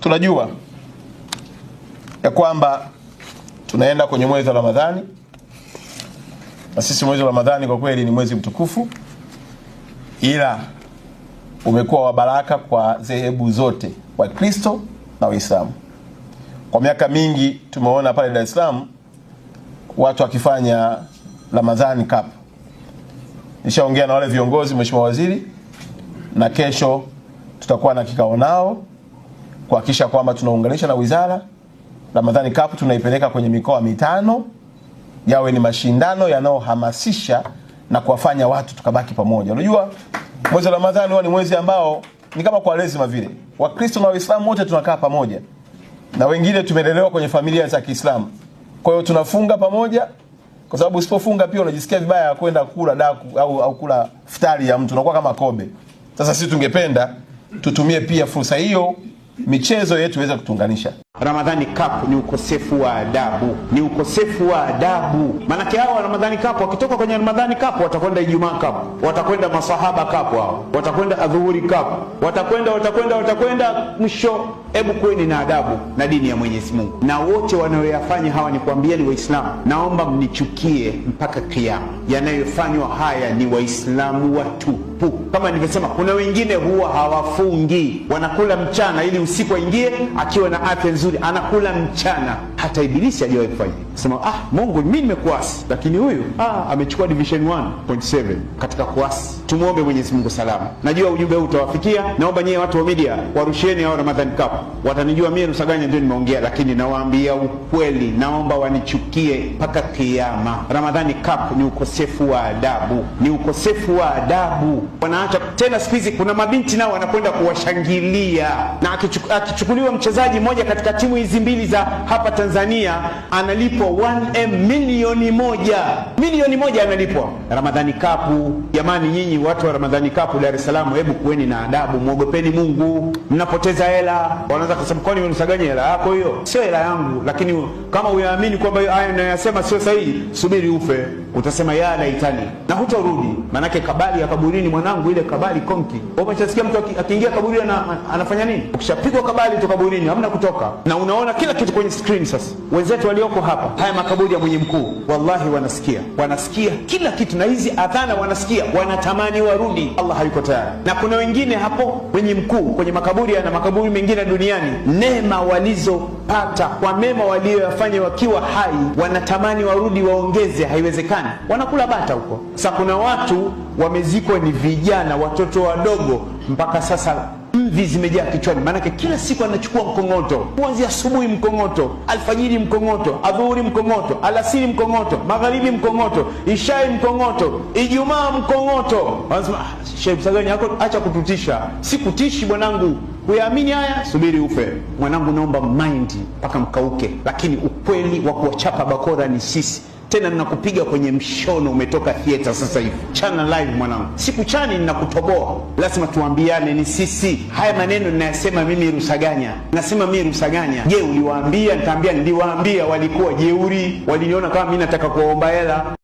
Tunajua ya kwamba tunaenda kwenye mwezi wa Ramadhani na sisi mwezi wa Ramadhani kwa kweli ni mwezi mtukufu, ila umekuwa wa baraka kwa dhehebu zote, Wakristo na Waislamu. Kwa miaka mingi tumeona pale Dar es Salaam watu wakifanya Ramadhani Cup. Nishaongea na wale viongozi, Mheshimiwa Waziri, na kesho tutakuwa na kikao nao kuhakikisha kwamba tunaunganisha na wizara. Ramadhani Cup tunaipeleka kwenye mikoa mitano, yawe ni mashindano yanayohamasisha na kuwafanya watu tukabaki pamoja. Unajua mwezi wa Ramadhani huwa ni mwezi ambao ni kama kwa lazima vile Wakristo na Waislamu wote tunakaa pamoja, na wengine tumelelewa kwenye familia za Kiislamu. Kwa hiyo tunafunga pamoja, kwa sababu usipofunga pia unajisikia vibaya kwenda kula daku au, au kula futari ya mtu, unakuwa kama kobe. Sasa sisi tungependa tutumie pia fursa hiyo michezo yetu iweze kutunganisha. Ramadhani Cup ni ukosefu wa adabu, ni ukosefu wa adabu. Maanake hao wa Ramadhani Cup wakitoka kwenye Ramadhani Cup watakwenda Ijumaa Cup, watakwenda Masahaba Cup, hao watakwenda Adhuhuri Cup, watakwenda watakwenda watakwenda mwisho hebu kuweni na adabu na dini ya Mwenyezi Mungu, na wote wanayoyafanya hawa ni kuambieni Waislamu, naomba mnichukie mpaka kiama. Yanayofanywa haya ni Waislamu watupu. Kama nilivyosema, kuna wengine huwa hawafungi, wanakula mchana ili usiku aingie akiwa na afya nzuri, anakula mchana. Hata Ibilisi hajawahi kufanya sema, ah, Mungu mi nimekuasi, lakini huyu ah, amechukua division 1.7 katika kuasi. Tumwombe Mwenyezi Mungu salama. Najua ujumbe huu utawafikia. Naomba nyewe watu wa media warusheni hao Ramadhan Cup watanijua mie Rusaganya ndio nimeongea, lakini nawaambia ukweli, naomba wanichukie mpaka kiama. Ramadhani Cup ni ukosefu wa adabu, ni ukosefu wa adabu. Wanaacha tena, siku hizi kuna mabinti nao wanakwenda kuwashangilia, na akichukuliwa mchezaji mmoja katika timu hizi mbili za hapa Tanzania analipwa 1M milioni moja, milioni moja analipwa Ramadhani Cup. Jamani nyinyi watu wa Ramadhani Cup Dar es Salaam, hebu kuweni na adabu, mwogopeni Mungu, mnapoteza hela wanaweza kusema kwani unanisagaje hela yako hiyo? Sio hela yangu, lakini kama uyaamini kwamba hiyo aya ninayosema sio sahihi, subiri ufe, utasema ya laitani, na hutarudi. Maanake kabali ya kaburini, mwanangu, ile kabali konki. Umeshasikia mtu akiingia kaburi na anafanya nini? Ukishapigwa kabali tu kaburini, hamna kutoka, na unaona kila kitu kwenye screen. Sasa wenzetu walioko hapa, haya makaburi ya mwenye mkuu, wallahi wanasikia, wanasikia kila kitu, na hizi adhana wanasikia, wanatamani warudi. Allah hayuko tayari, na kuna wengine hapo kwenye mkuu kwenye makaburi, na makaburi mengine duniani, neema walizopata kwa mema walioyafanya wakiwa hai, wanatamani warudi waongeze, haiwezekani. Wanakula bata huko. Sasa kuna watu wamezikwa, ni vijana, watoto wadogo, mpaka sasa mvi zimejaa kichwani, maanake kila siku anachukua mkongoto, kuanzia asubuhi mkongoto, alfajiri mkongoto, adhuhuri mkongoto, alasiri mkongoto, magharibi mkongoto, ishai mkongoto, ijumaa mkongoto. Wanasema ah, Sheikh acha kututisha. Si kutishi bwanangu. Huyaamini haya, subiri ufe. Mwanangu, naomba maindi mpaka mkauke, lakini ukweli wa kuwachapa bakora ni sisi tena ninakupiga kwenye mshono, umetoka theater sasa hivi. Chana live mwanangu, siku chani ninakutoboa. Lazima tuambiane, ni sisi. Haya maneno ninayasema mimi Rusaganya, nasema mimi Rusaganya. Je, uliwaambia? Nitaambia niliwaambia. Walikuwa jeuri, waliniona kama mimi nataka kuwaomba hela.